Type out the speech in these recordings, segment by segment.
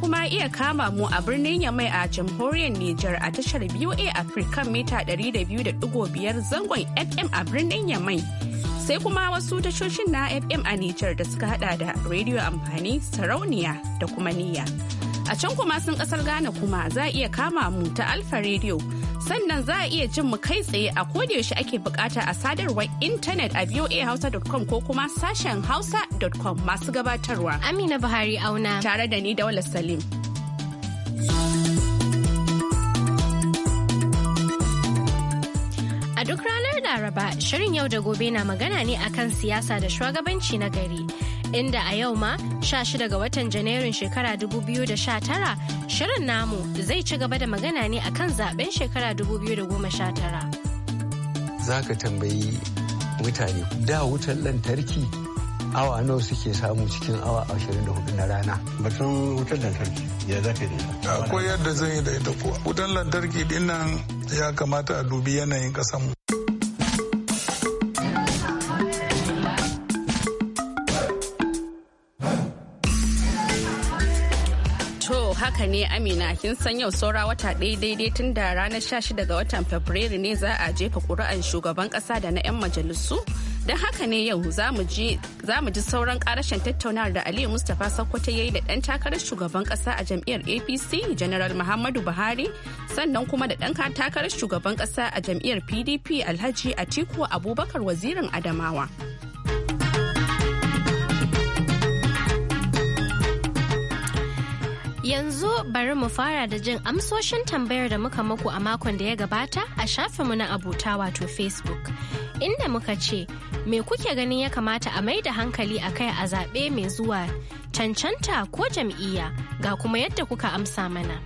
kuma iya kama mu a birnin Yamai a jamhuriyar Nijar a tashar BOA Africa mita 200.5 zangon FM a birnin Yamai. Sai kuma wasu tashoshin na FM a Nijar da suka hada da Radio Amfani, Sarauniya da kuma Niyya. A can kuma sun kasar Ghana kuma za a iya kama mu ta Alfa Radio. sannan za a iya jin mu kai tsaye a yaushe ake bukata a sadarwar intanet a voahausa.com ko kuma sashen hausa.com masu gabatarwa. Amina Buhari auna. Tare da ni da Wala Salim. A duk ranar Laraba, shirin yau da gobe na magana ne akan siyasa da shugabanci na gari. inda a yau ma 16 ga watan janairun shekara 2019 shirin namu zai ci gaba da magana ne akan zaben shekara 2019 za ka tambayi mutane da wutar lantarki awa nawa suke samu cikin awa 24 na rana batun wutar lantarki ya za yi akwai yadda zan yi da ita kuwa wutar lantarki dinnan ya kamata a dubi yanayin kasanmu haka ne amina kin san yau saura wata ɗaya daidai tun da ranar 16 ga watan fabrairu ne za a jefa ƙuri'an shugaban ƙasa da na 'yan majalisu don haka ne yau za mu ji sauran ƙarashen tattaunawar da aliyu mustapha sokoto ya yi da ɗan takarar shugaban ƙasa a jam'iyyar apc general muhammadu buhari sannan kuma da ɗan takarar shugaban ƙasa a jam'iyyar pdp alhaji atiku abubakar wazirin adamawa Yanzu bari mu fara da jin amsoshin tambayar da muka muku a makon da ya gabata a mu na abota wato Facebook. Inda muka ce, me kuke ganin ya kamata a mai da hankali a kai a zaɓe mai zuwa cancanta ko jam'iyya ga kuma yadda kuka amsa mana.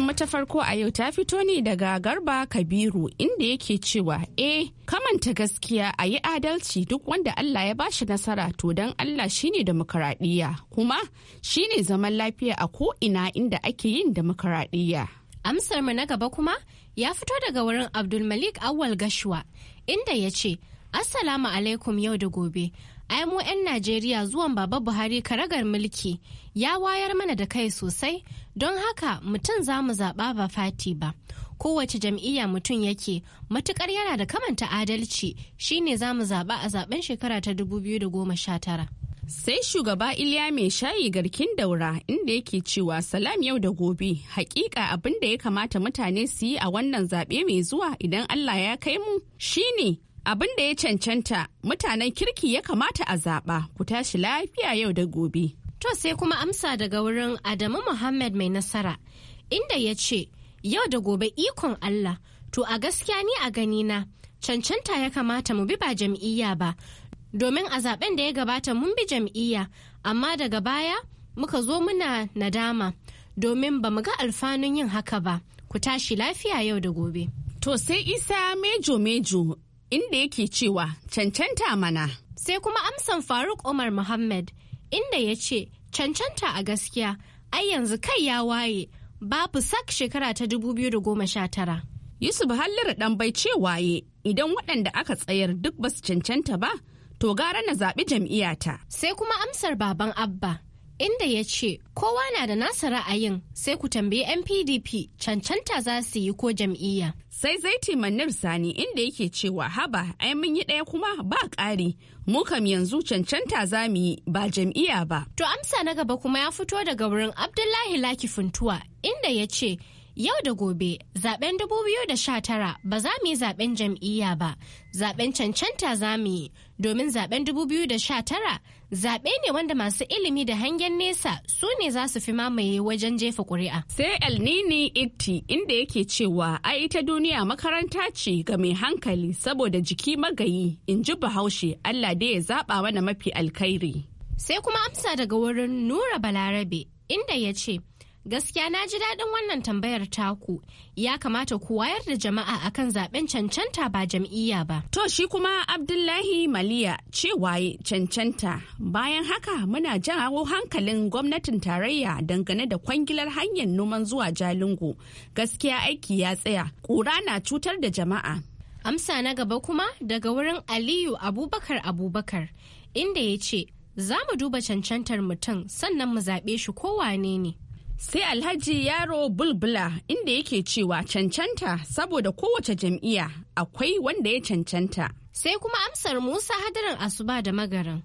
Wasiƙar mu ta farko a yau ta fito ne daga Garba Kabiru inda yake cewa eh kamanta gaskiya a yi adalci duk wanda Allah ya bashi nasara to don Allah shine demokaradiyya kuma shine zaman lafiya a ko'ina inda ake yin demokaradiyya. Amsar mu na gaba kuma ya fito daga wurin Abdulmalik Awal Gashuwa inda ya ce Assalamu alaikum yau da gobe. ai 'yan najeriya zuwan baba buhari karagar mulki ya wayar mana da kai sosai don haka mutum za mu zaɓa ba fati ba kowace jam'iyya mutum yake matukar yana da kamanta adalci shi ne za mu zaɓa a zaɓen shekara ta 2019 sai shugaba iliya mai shayi garkin daura inda yake cewa salam yau da gobe hakika abin da ya kamata mutane su yi a wannan zaɓe mai zuwa idan allah ya kai mu shi ne. abin da ya cancanta mutanen kirki ya kamata a zaɓa ku tashi lafiya yau da gobe. To sai kuma amsa daga wurin Adamu Muhammad mai nasara inda ya ce yau da gobe ikon Allah to a gaskiya ni a gani na cancanta ya kamata mu bi ba jam'iyya ba domin a zaben da ya gabata mun bi jam'iyya amma daga baya muka zo muna nadama domin ba mu ga alfanun yin haka ba ku tashi lafiya yau da gobe. To sai isa mejo mejo inda yake cewa cancanta mana. Sai kuma amsan Faruk Umar Muhammad inda ya ce cancanta a gaskiya ai yanzu kai ya waye babu sak shekara ta 2019. Yusuf Halliru dan bai ce waye idan waɗanda aka tsayar duk basu cancanta ba to gara na zaɓi jam'iyyata. Sai kuma amsar baban Abba inda ya ce kowa na da nasa ra'ayin sai ku tambayi 'yan pdp cancanta za su yi ko jam'iyya sai zaiti manir sani inda yake cewa haba ai mun yi ɗaya kuma ba ƙari mu kam yanzu cancanta za mu yi ba jam'iyya ba to amsa na gaba kuma ya fito daga wurin abdullahi laki funtuwa inda ya ce Yau da gobe, zaben 2019 ba za mu yi zaben jam'iyya ba, zaben cancanta za mu yi, domin zaben 2019 zaɓe ne wanda masu ilimi da hangen nesa su ne za su fi mamaye wajen jefa ƙuri'a. Sai El Nini Ikti inda yake cewa a ita duniya makaranta ce ga mai hankali saboda jiki magayi in ji bahaushe Allah da ya zaɓa mana mafi alkhairi. Sai kuma amsa daga wurin Nura Balarabe inda ya ce, Gaskiya na ji daɗin wannan tambayar taku. Ya kamata ku wayar da jama'a akan zaben cancanta ba jam'iyya ba. To shi kuma Abdullahi Maliya cewa cancanta. Bayan haka muna jawo hankalin gwamnatin tarayya dangane da kwangilar hanyar noman zuwa Jalingo. Gaskiya aiki ya tsaya. Ƙura na cutar da jama'a. Amsa na gaba kuma daga wurin Aliyu Abubakar Abubakar inda ya ce za mu duba cancantar mutum sannan mu zaɓe shi ko wane ne. sai alhaji yaro bulbula inda yake cewa cancanta saboda kowace jam'iyya akwai wanda ya cancanta sai kuma amsar musa hadarin asuba da magarin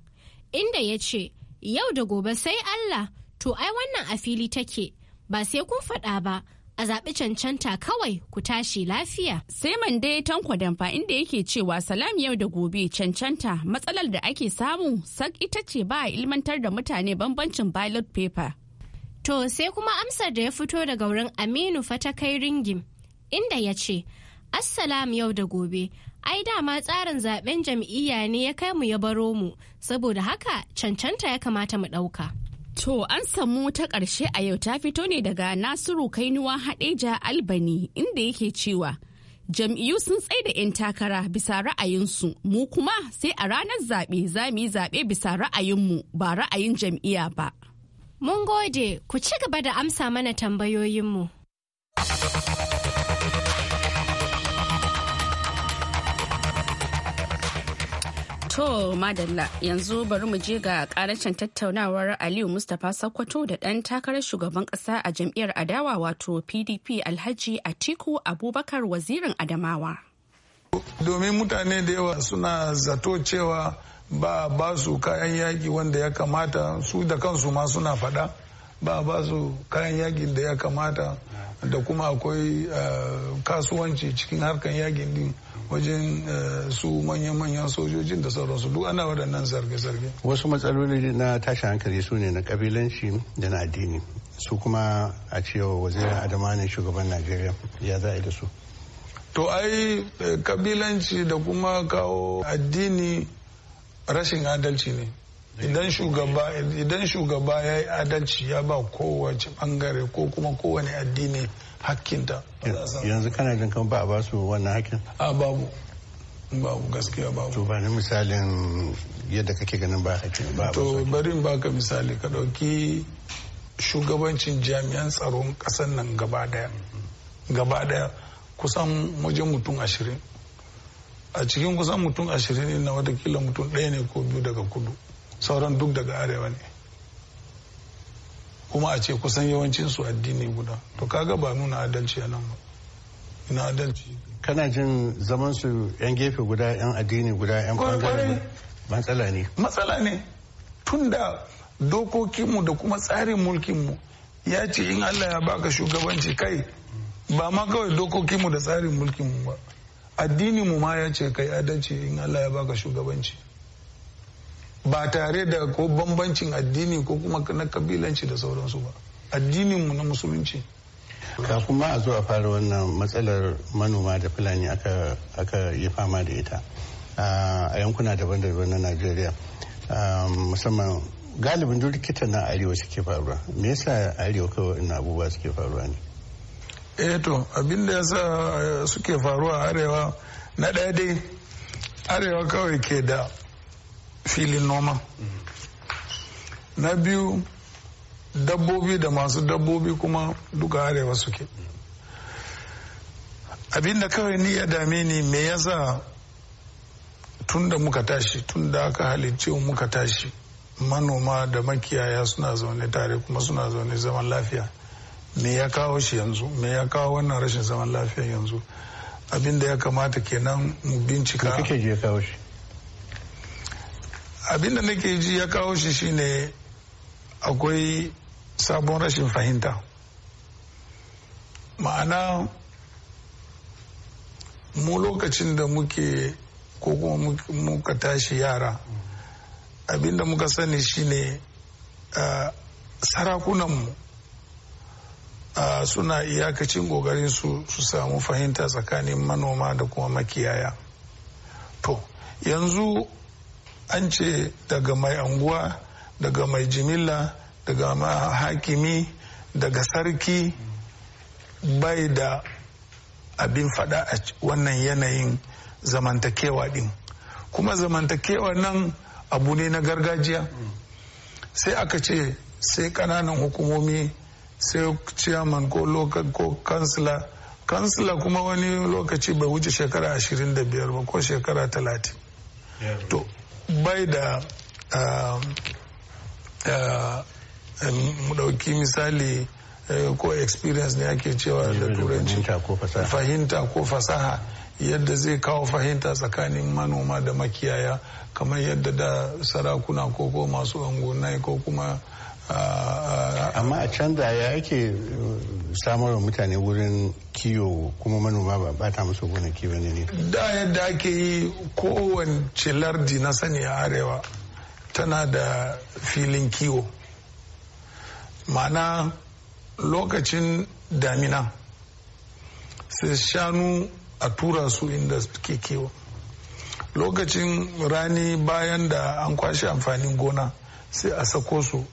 inda ya ce yau da gobe sai allah to ai wannan a fili take ba sai kun faɗa ba a zaɓi cancanta kawai ku tashi lafiya. Sai ya Tanko Damfa inda yake cewa salam yau da gobe cancanta matsalar da ake samu sak ita ce ba a ilmantar da mutane bambancin ballot paper. To sai kuma amsar da ya fito daga wurin Aminu Fatakai Ringim, inda ya ce, Assalam yau da gobe, ai dama tsarin zaben jam'iyya ne ya kai mu ya baro mu, saboda haka cancanta ya kamata mu ɗauka. To an samu ta ƙarshe a yau ta fito ne daga Nasiru Kainuwa Hadeja Albani inda yake cewa jam'iyyu sun tsaida 'yan takara bisa ra'ayinsu mu kuma sai a ranar zaɓe za mu yi zaɓe bisa ra'ayinmu ba ra'ayin jam'iyya ba. Mun gode ku ci gaba da amsa mana tambayoyinmu. To madalla yanzu bari mu je ga karancin tattaunawar Aliyu Mustapha Sokoto da ɗan takarar shugaban ƙasa a jam'iyyar adawa wato PDP Alhaji Atiku Abubakar wazirin Adamawa. Domin mutane da yawa suna zato cewa ba ba su kayan yaki wanda ya kamata su da kansu ma suna faɗa ba ba su kayan yaƙin da ya kamata da kuma akwai eh, kasuwanci cikin harkan yaƙin din wajen eh, su manya-manyan sojojin da sauransu duk ana waɗannan zarge-zarge wasu matsaloli na tashin hankali su ne na kabilanci da na addini su kuma a cewa wazirin adama ne shugaban najeriya ya za'a da su to ai kabilanci eh, da kuma kawo addini rashin adalci ne idan shugaba idan shugaba ya yi adalci ya ba kowace bangare ko kuma kowane addini hakkinta yanzu kana jin kan ba a ba su wannan hakkin a babu babu gaskiya babu to ba ni misalin yadda kake ganin ba hakkin ba to bari in baka misali ka dauki shugabancin jami'an tsaron kasan nan gaba daya gaba daya kusan wajen mutum ashirin a cikin kusan mutum ashirin na watakila mutum ɗaya ne ko biyu daga kudu sauran duk daga arewa ne kuma a ce kusan yawancin su addini guda to kaga ba nuna adalci a nan ba ina adalci kana jin zaman su yan gefe guda yan addini guda yan bangare matsala ne matsala ne tunda dokokinmu da kuma tsarin mulkinmu ya ce in allah ya baka shugabanci kai ba ma kawai dokokinmu da tsarin mulkinmu ba addini mu ma ya ce kai adalci in Allah ya baka shugabanci ba tare da ko bambancin addini ko kuma na kabilanci da sauransu ba addinin mu na musulunci kafin ma a zo a fara wannan matsalar manoma da fulani aka yi fama da ita a yankuna daban-daban na najeriya musamman galibin duk na arewa suke faruwa me yasa arewa kawai na abubuwa suke faruwa ne eh to abinda ya sa eh, suke faruwa arewa na ɗaya dai arewa kawai ke da filin noma na biyu dabbobi da masu dabbobi kuma duka arewa suke abinda kawai ni ya dame ni me yasa tun da muka tashi tun da aka halicce muka tashi manoma da makiyaya suna zaune tare kuma suna zaune zaman lafiya me ya kawo shi yanzu me ya kawo wannan rashin zaman lafiya yanzu abin da ya kamata kenan mu bincika kake ji ya kawo shi abin da nake ji ya kawo shi shine akwai sabon rashin fahimta ma'ana mu lokacin da muke ko kuma muka tashi yara abinda muka sani shine uh, sarakunanmu suna iyakacin kokarin su su samu fahimta tsakanin manoma da kuma makiyaya to yanzu an ce daga mai anguwa daga mai jimilla daga hakimi daga sarki bai da abin fada a wannan yanayin zamantakewa din kuma zamantakewa nan abu ne na gargajiya sai aka ce sai kananan hukumomi sai ciyaman ko lokal ko kansila kansila kuma wani lokaci bai wuce shekara ashirin da biyar ba ko shekara talatin to bai da um, uh, um, mu ɗauki misali eh, ko experience ne ake cewa da turanci fahimta ko fasaha yadda zai kawo fahimta tsakanin manoma da makiyaya kamar yadda da sarakuna ko ko masu angona ko kuma amma a canza ya ake uh, samar wa mutane wurin kiwo kuma manoma ba ta musu gona kiwo ne da yadda ake yi kowace lardi na sani a arewa tana da filin kiwo ma'ana lokacin damina sai shanu a tura su inda suke kiwo lokacin rani bayan da an kwashe amfanin gona sai a sako su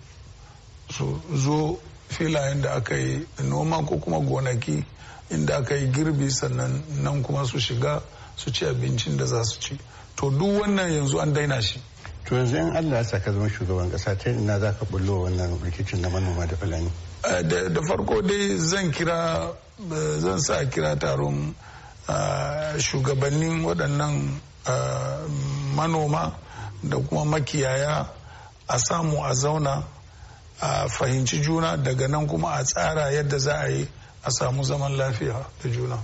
su zo filayen da aka yi noma ko kuma gonaki inda aka yi girbi sannan nan kuma su shiga su ci abincin da za su ci to duk wannan yanzu an daina shi to yanzu in allah ya saka zama shugaban kasa ta ina za ka bullo wannan rikicin na manoma da fulani eh, da farko dai zan kira eh, zan sa kira taron eh, shugabannin waɗannan manoma da kuma makiyaya a samu a zauna a fahimci juna daga nan kuma a tsara yadda za a yi a samu zaman lafiya da juna.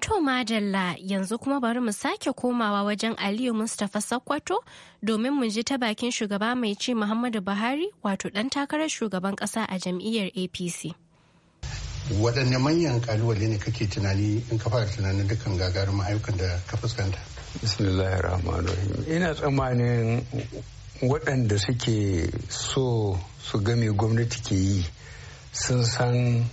To Madalla yanzu kuma bari mu sake komawa wajen Aliyu Mustapha Sakwato domin mu ji ta bakin shugaba mai ci Muhammadu Buhari wato ɗan takarar shugaban ƙasa a jam'iyyar APC. Waɗanne manyan kalubale ne kake tunani in ka fara tunanin dukkan gagarumin ayyukan da ka fuskanta? Bismillahirrahmanirrahim. Ina tsammanin waɗanda suke so su ga game gwamnati ke yi sun san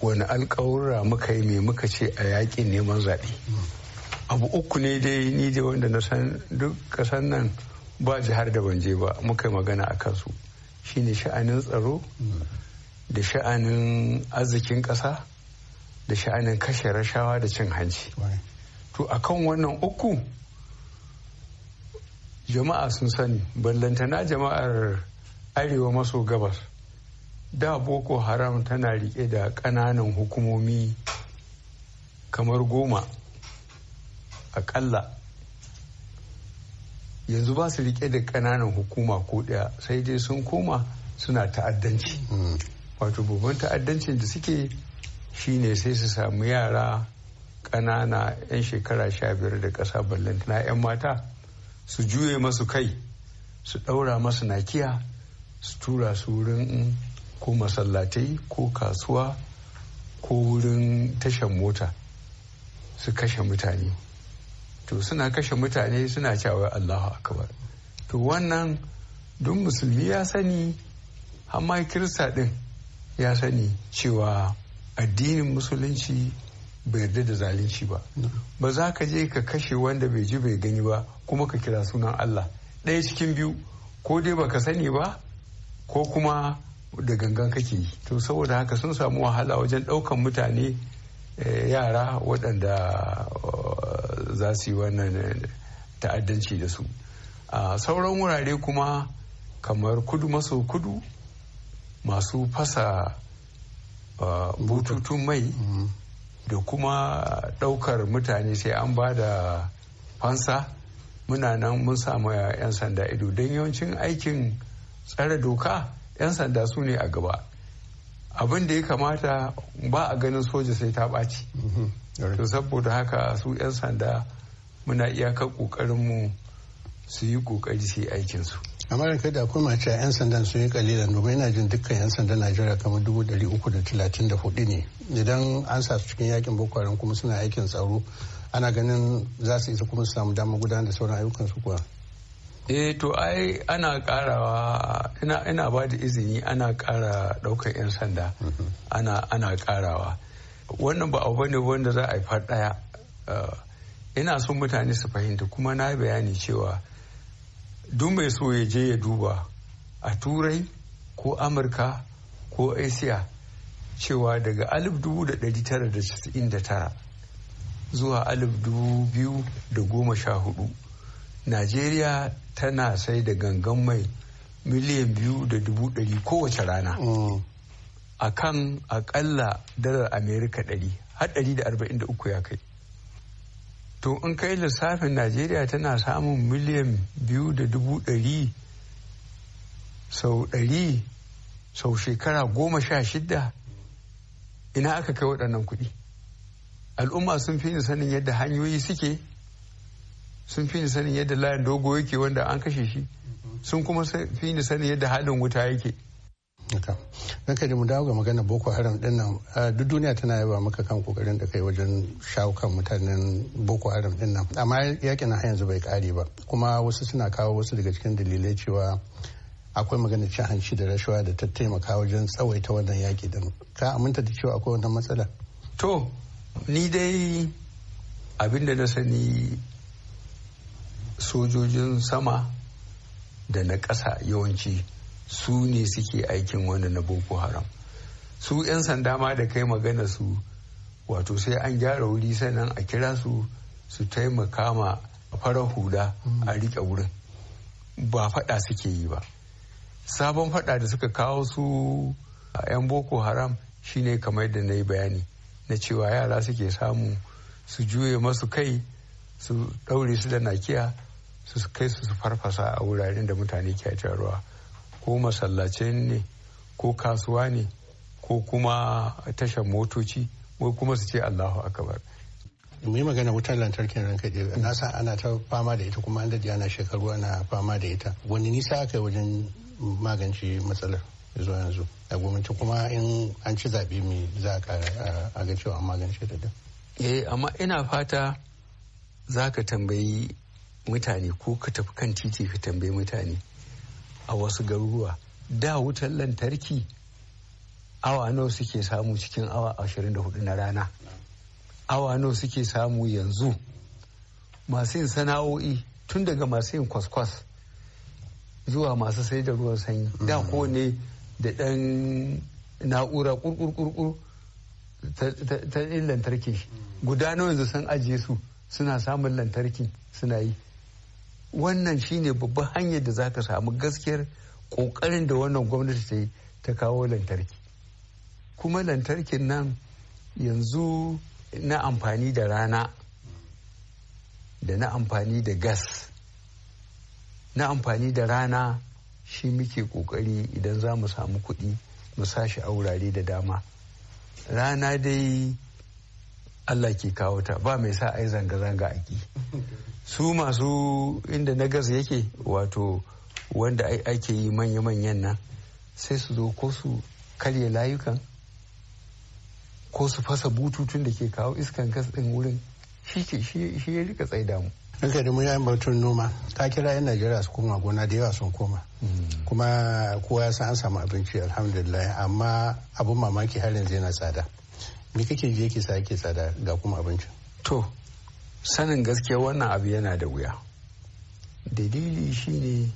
wani alkawura muka yi mai muka ce a yaƙin neman zaɓe abu uku ne dai ni da wanda na san duk kasan nan ba jihar da ban je ba muka yi magana a kansu shine sha'anin tsaro da sha'anin arzikin ƙasa da sha'anin kashe rashawa da cin hanci to akan wannan uku jama'a sun sani ballantana jama'ar arewa maso gabas da boko haram tana rike da ƙananan hukumomi kamar goma akalla yanzu ba su rike da ƙananan hukuma ko ɗaya sai dai sun koma suna ta'addanci hmm. wato babban ta'addancin da suke shine sai su samu yara ƙanana 'yan shekara sha biyar da ƙasa ballantana 'yan mata su juye masu kai su ɗaura masu nakiya su tura su wurin ko masallatai ko kasuwa ko wurin tashan mota su kashe mutane to suna kashe mutane suna cewa allahu akbar to wannan duk musulmi ya sani amma kirista din ya sani cewa addinin musulunci bai yarda da zalunci ba ba za ka je ka kashe wanda bai ji bai gani ba kuma ka kira sunan Allah ɗaya cikin biyu ko dai baka sani ba ko kuma da gangan kake yi to saboda haka sun samu wahala wajen ɗaukan mutane eh, yara waɗanda eh, za su yi wannan eh, ta'addanci da su a sauran wurare kuma kamar kudu maso kudu masu fasa bututun mai mm-hmm. da kuma ɗaukar mutane sai an ba da fansa muna nan mun samu 'yan sanda ido don yawancin aikin tsare doka 'yan sanda su ne a gaba abin da ya kamata ba a ganin soja sai ta ɓaci mhm. to saboda haka su 'yan sanda muna iyakar ƙoƙarinmu su yi ƙoƙari su yi aikinsu amma da da akwai mace 'yan sandan sun yi kalilan domin yana jin dukkan 'yan sandan najeriya kamar dubu dari uku da talatin da hudu ne idan an sa su cikin yakin bokwaran kuma suna aikin tsaro ana ganin za su isa kuma su samu damar gudanar da sauran ayyukan su kuwa eh to ai ana karawa ina ina ba da izini ana kara daukar yan sanda mhm. ana ana karawa wannan ba abu ne wanda za a yi daya eh, ina son mutane su fahimta kuma na bayani cewa duk mai so ya je ya duba a turai ko amurka ko asiya cewa daga 1999 zuwa alif dubu biyu da goma sha hudu najeriya tana sai da gangan mai miliyan biyu da dubu kowace rana mm. a kan akalla dalar amerika dari har ɗari da arba'in da uku ya kai to in kai lissafin najeriya tana samun miliyan biyu da dubu dari sau dari sau shekara goma sha shida ina aka kai waɗannan kuɗi al'umma sun fi ni sanin yadda hanyoyi suke sun fi ni sanin yadda layin dogo yake wanda an kashe shi sun kuma fi ni sanin yadda haɗin wuta yake don kai mu dawo ga magana boko haram din nan duk duniya tana yaba maka kan kokarin da kai wajen shawo kan mutanen boko haram din nan amma yakin na yanzu bai kare ba kuma wasu suna kawo wasu daga cikin dalilai cewa akwai magana cin hanci da rashawa da ta taimaka wajen tsawaita wannan yaki din ka aminta da cewa akwai wannan matsala to ni dai abinda na sani sojojin sama da na ƙasa yawanci su ne suke aikin wani na boko haram su 'yan sanda ma da kai magana su wato sai an gyara wuri sannan a kira su su taimaka ma farar huda mm. a riƙe wurin ba faɗa suke yi ba sabon faɗa da suka kawo su a 'yan boko haram shine kamar da na yi bayani na cewa yara suke samu su juye masu kai su ɗaure su da nakiya su kai su su farfasa a wuraren da mutane ke ajiyar ruwa ko masallacin ne ko kasuwa ne ko kuma tashar motoci ko kuma su ce allahu akabar mu yi magana wutar lantarkin ranka ɗaya na san ana ta fama da ita kuma an daji ana shekaru ana fama da ita wani nisa aka yi wajen magance matsalar zuwa yanzu a gwamnati kuma in an ci zaɓe mai za a ga cewa an magance da eh amma ina fata za ka tambayi mutane ko ka tafi kan titi ka tambayi mutane a wasu garuruwa da wutar lantarki awa nawa suke samu cikin awa 24 na rana awa nawa suke samu yanzu masu yin sana'o'i tun daga masu yin kwaskwas zuwa masu sai da ruwan sanyi da mm. kowane da ɗan na'ura ƙurƙurƙurƙur ta yin lantarki guda nawa yanzu sun ajiye su suna samun lantarki suna yi wannan shine babban hanyar da za ka samu gaskiyar ƙoƙarin da wannan gwamnati ta yi ta kawo lantarki kuma lantarkin nan yanzu na amfani da rana da na amfani da gas na amfani da rana shi muke kokari idan za mu samu kuɗi mu sashi a wurare da dama rana dai allah ke kawo ta ba mai sa ai zanga-zanga ki su masu inda na gas yake wato wanda ake yi manya-manyan nan sai su zo ko su karya layukan ko su fasa bututun da ke kawo iskan gas ɗin wurin shi ya rika tsaida mu Duka da mun batun noma, ta kira 'yan Najeriya su koma gona da yawa sun koma. Mm. Kuma kowa ya san an samu abinci alhamdulillah amma abun mamaki har yanzu yana tsada. Me kake je ki sa yake tsada ga kuma abinci? To, sanin gaskiya wannan abu yana da wuya. Dalili shine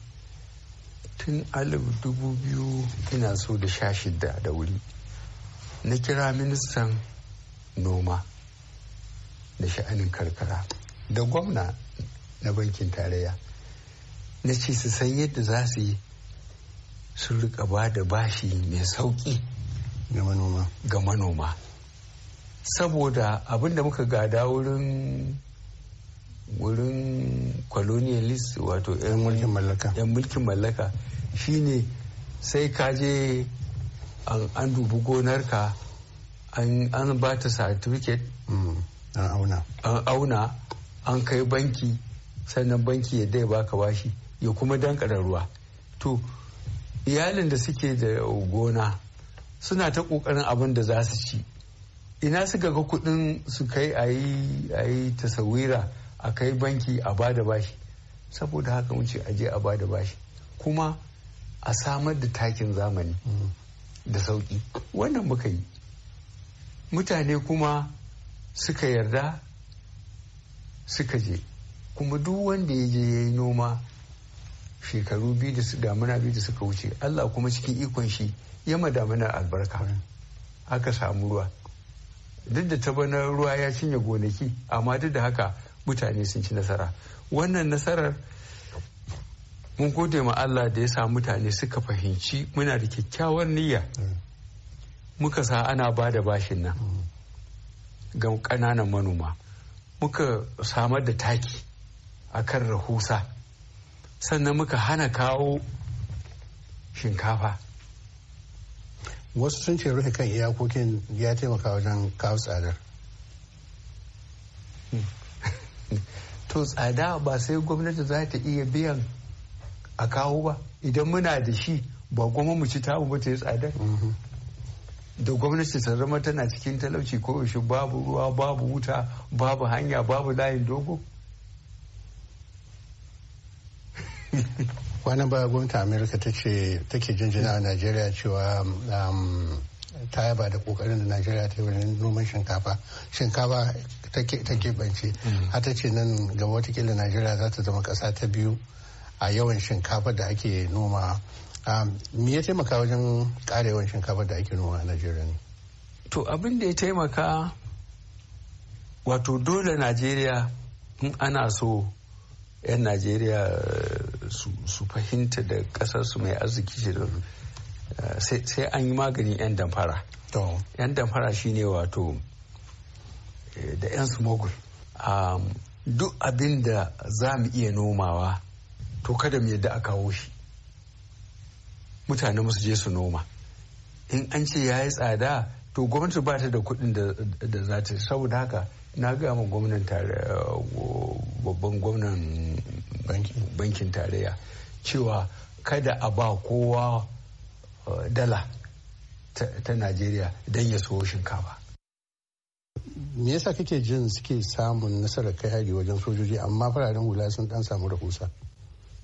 tun alif dubu biyu ina so da sha shida da wuri. Na kira ministan noma da sha'anin karkara da gwamna na bankin tarayya na ce su san yadda za su yi su rika ba da bashi mai sauƙi ga manoma saboda abin da muka gada wurin wurin colonialist wato 'yan mulkin mallaka shine sai ka je an dubi gonarka an ba ta certificate mm, an auna an kai banki sannan banki ya dai baka bashi ya kuma dankara ruwa to iyalin da suke da gona suna ta kokarin abin da za su ci ina suka ga kuɗin su kai a yi tasawira a kai banki a bada bashi saboda haka wuce je a bada bashi kuma a samar da takin zamani da sauki wannan muka yi mutane kuma suka yarda suka je kuma duk wanda ya je ya yi noma shekaru biyu da damuna biyu da suka wuce allah kuma cikin ikon shi ya ma damunar albarka aka samu ruwa duk da ta bana ruwa ya cinye gonaki amma duk da haka mutane sun ci nasara wannan nasarar mun gode ma Allah da ya sa mutane suka fahimci muna da kyakkyawar niyya muka sa ana ba da bashin nan ga ƙananan manoma muka samar da taki a kan rahusa sannan muka hana kawo shinkafa wasu sun ce rufe kan iyakokin ya taimaka wajen kawo tsadar to tsada ba sai gwamnati za ta iya biyan a kawo ba idan muna da shi ba goma mu ci tamu ba ta yi tsadar mm-hmm. da gwamnati ta zama tana cikin talauci ko babu ruwa babu wuta babu hanya babu layin dogo wani ba gwamnatin amerika ta ce take jinjina a najeriya cewa um, ta yaba da kokarin da najeriya ta yi wajen noman shinkafa shinkafa ta keɓance mm. har ta ce nan gaba watakila najeriya za ta zama kasa ta biyu a yawan shinkafa da ake noma um, me ya taimaka wajen ƙara yawan shinkafa da ake noma a najeriya ne to abin da ya taimaka wato dole najeriya in ana so 'yan najeriya su fahimta da ƙasarsu mai arziki shi da eh, sai an yi maganin 'yan damfara. 'yan damfara shi ne wato eh, da 'yan smogul duk abin da za mu iya nomawa to kada mu yadda a kawo shi mutane musu je su noma in an ce ya yi tsada to gwamnati ba ta da kuɗin da za ta saboda haka na ga ma gwamnan babban gwamnan bankin tarayya cewa kada a ba kowa eh, dala ta najeriya don ya sowo shinkafa me yasa kake jin suke samun nasarar kai hari wajen sojoji amma fararen hula sun dan samu rahusa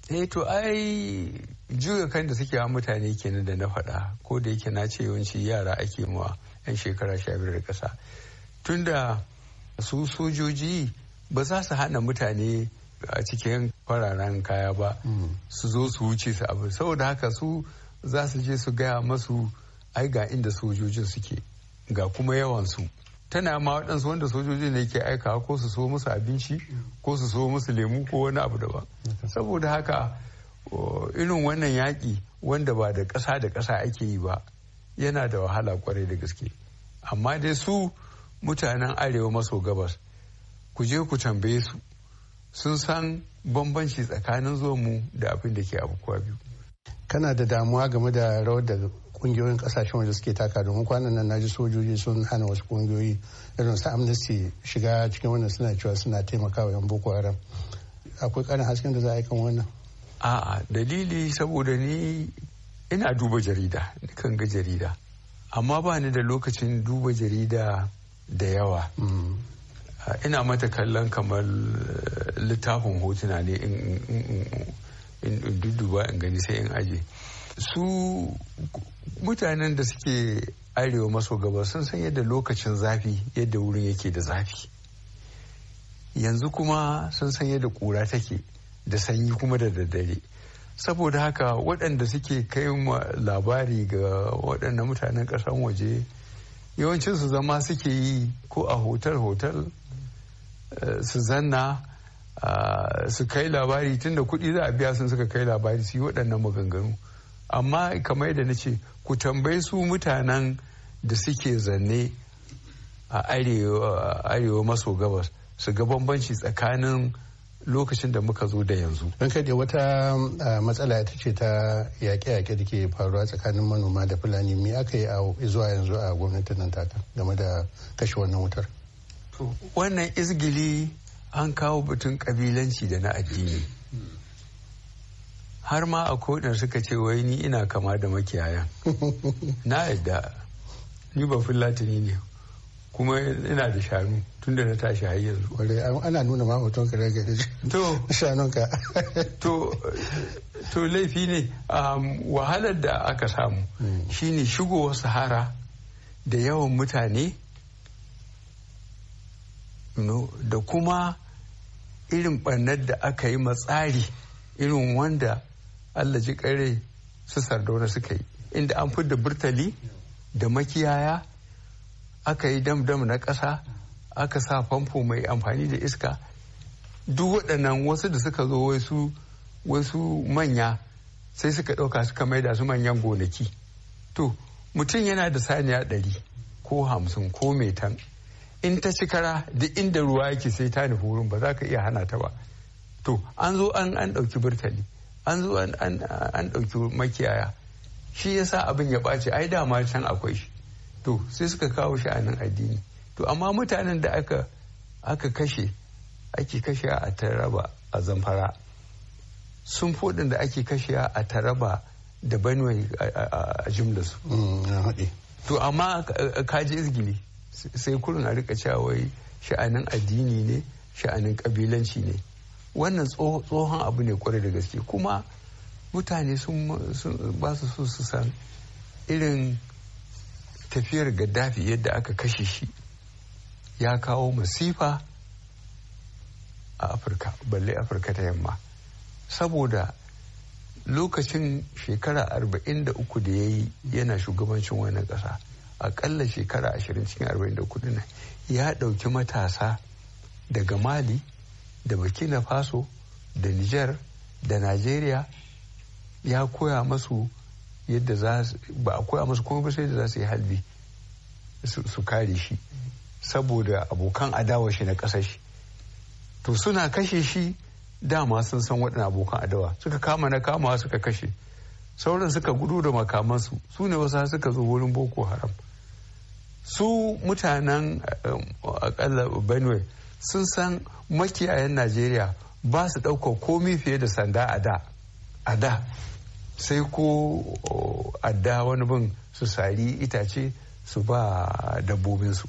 eh to ai juya kan da suke wa mutane kenan da na faɗa ko da yake na ce yawanci yara ake mawa 'yan shekara sha biyar da ƙasa tunda su sojoji ba za su hana mutane a cikin fararen kaya ba mm. su zo su wuce su abu saboda haka su za su je su gaya masu ai inda sojojin suke ga kuma yawan su tana ma waɗansu wanda sojoji ne ke aikawa ko su so musu abinci ko su so musu lemu ko wani abu ba saboda haka irin wannan yaƙi wanda ba da ƙasa da ƙasa ake yi ba yana da wahala kwarai da gaske amma dai su mutanen arewa maso gabas ku je ku tambaye su sun san bambanci tsakanin zomu da abin da ke abubuwa biyu kana da damuwa game da rawar da kungiyoyin kasashen waje suke taka domin kwanan nan naji sojoji sun hana wasu kungiyoyi irin su amnesty shiga cikin wannan suna cewa suna taimakawa yan boko haram akwai karin hasken da za a yi kan wannan a'a dalili saboda ni ina duba jarida kan ga jarida amma ba ni da lokacin duba jarida da yawa mm. ina mata kallon kamar eh, littafin hotuna ne in duduba in gani sai in aje su mutanen da suke arewa maso gabas sun san yadda lokacin zafi yadda wurin yake da zafi yanzu kuma sun san yadda kura take da sanyi kuma da daddare saboda haka waɗanda suke kai labari ga waɗannan mutanen ƙasan waje yawancin su zama suke yi ko a hotel-hotel eh, su zanna su kai labari tunda kuɗi za a biya sun suka kai labari su yi waɗannan maganganu amma kamar yadda na ce ku tambayi su mutanen da suke zanne a arewa maso gabas su ga bambanci tsakanin lokacin da muka zo da yanzu. Don kai da wata matsala ita ce ta yaƙe-yaƙe da ke faruwa tsakanin manoma da fulani me aka yi zuwa yanzu a gwamnatin nan ta game da kashe wannan wutar. Wannan izgili an kawo batun kabilanci da na addini. Har ma a kodin suka ce wai ni ina kama da makiyaya. Na yadda ni ba fulatini ne. kuma ina da shanu tun da na tashi har yanzu. Wale ana nuna ma hoton ka daga da shanun ka. To laifi ne um, wahalar da aka samu hmm. shine shigowar sahara da yawan mutane da kuma irin barnar da aka yi matsari irin wanda Allah ji kare su sardauna suka yi inda an fi da burtali da makiyaya aka yi dam-dam na ƙasa aka sa famfo mai amfani da iska duk waɗannan wasu da suka zo wasu manya sai suka ɗauka suka da su manyan gonaki to mutum yana da saniya ɗari ko hamsin ko metan in ta ci kara duk inda ruwa yake sai ta nufi wurin ba za ka iya hana ta ba to an zo an ɗauki burtali an zo an ɗauki makiyaya shi yasa abin ya ɓaci ai dama can akwai shi to sai suka kawo shi a nan addini to amma mutanen da aka aka kashe ake kashe a taraba a zamfara sun fodin da ake kashe a taraba da benue a jimla su mm, to amma kaji izgili sai kurin a rika cewa wai sha'anin addini ne sha'anin kabilanci ne wannan tsohon abu ne kwarai da gaske kuma mutane sun ba su so su san irin tafiyar gaddafi yadda aka kashe shi ya kawo masifa a afirka balle afirka ta yamma saboda lokacin shekara arba'in da uku ya yi yana shugabancin wannan ƙasa aƙalla shekara ashirin cikin arba'in da ya ɗauki matasa daga mali da burkina faso da niger da nigeria ya koya masu yadda za ba a koya musu komai ba sai da za su yi halbi su kare shi saboda abokan adawa shi na ƙasar shi to suna kashe shi dama sun san waɗannan abokan adawa suka kama na kamawa suka kashe sauran suka gudu da makamansu su ne wasu suka zo wurin boko haram su mutanen eh, akalla benue sun san makiyayan najeriya ba su ɗaukar komi fiye da sanda a da sai ko adda wani bin su sari itace su ba dabbobinsu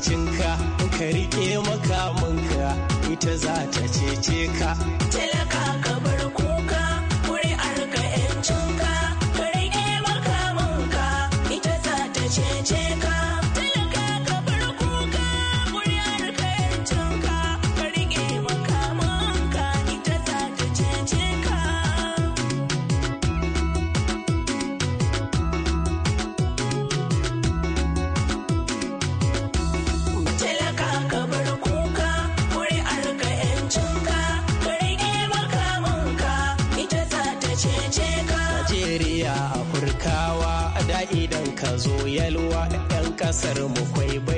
Cinka, ka riƙe makamanka ita za ta cece ka zo yalwa 'yan kasar mu bai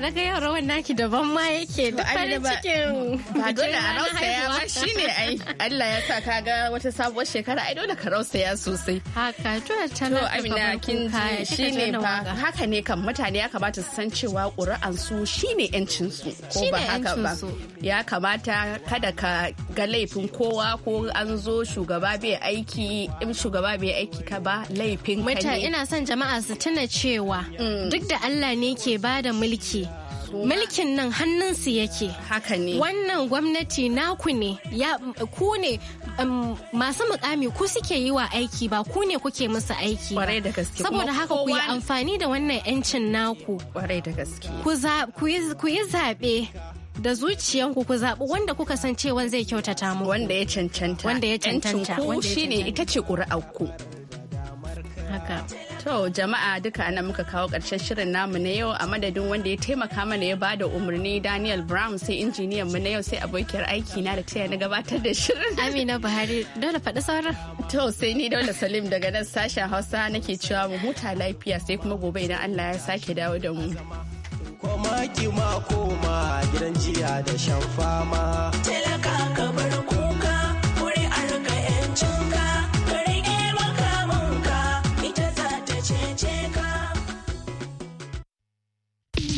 na ga yau rawan naki daban ma yake da farin cikin ba dole a ya ba shine ai Allah ya sa ka ga wata sabuwar shekara ai dole ka rausaya sosai haka to ta na Amina kin ji shine fa haka ne kan mutane ya kamata su san cewa ƙuri'an su shine yancin su ko ba haka ba ya kamata kada ka ga laifin kowa ko an zo shugaba bai aiki in shugaba bai aiki ka ba laifin ka ne ina son jama'a su tuna cewa mm. duk da Allah ne ke bada mulki mulkin nan hannunsu yake haka ne wannan gwamnati naku ne ku ne um, masu mukami ku suke yi wa aiki ba ku ne kuke musu aiki saboda haka ku yi amfani da wannan 'yancin naku ku yi zaɓe da zuciyanku ku zaɓi wanda kuka san cewa zai kyautata mu. wanda ya cancanta wanda ya cancanta wanda shine ita ce ƙuri'ar ku haka To jama'a duka nan muka kawo ƙarshen shirin namu na yau a madadin wanda ya taimaka mana ya bada umarni Daniel Brown sai injiniyan mu na yau sai abokiyar aiki na da taya na gabatar da shirin. Amina Buhari dole faɗi sauran. To sai ni dole Salim daga nan sashen Hausa nake cewa mu huta lafiya sai kuma gobe idan Allah ya sake dawo da mu. Koma kima koma gidan jiya da shan fama. Talaka ka bar